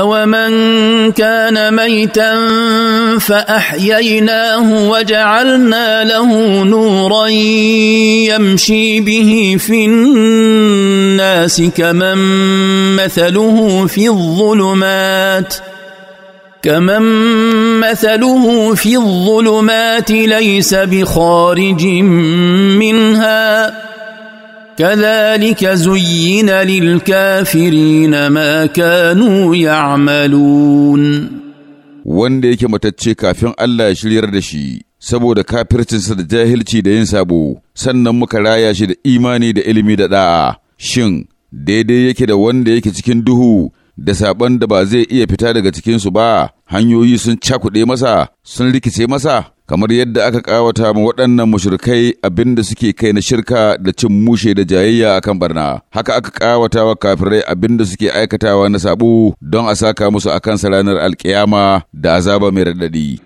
أومن كان ميتا فأحييناه وجعلنا له نورا يمشي به في الناس كمن مثله في الظلمات كمن مثله في الظلمات ليس بخارج منها كذلك زين للكافرين ما كانوا يعملون wanda yake matacce kafin Allah ya shiryar da shi saboda kafircinsa da jahilci da yin sabo sannan muka raya shi da imani da ilimi da da'a shin daidai yake da wanda yake cikin duhu da saɓon da ba zai iya fita daga cikinsu ba, hanyoyi sun cakuɗe masa, sun rikice masa, kamar yadda aka ƙawata ma waɗannan mushrikai abin da suke kai na shirka da cin mushe da jayayya a kan barna, haka aka ƙawata wa kafirai abin da suke aikatawa na saɓo don a saka musu a kansa ranar alƙiyama da azaba mai raɗaɗi.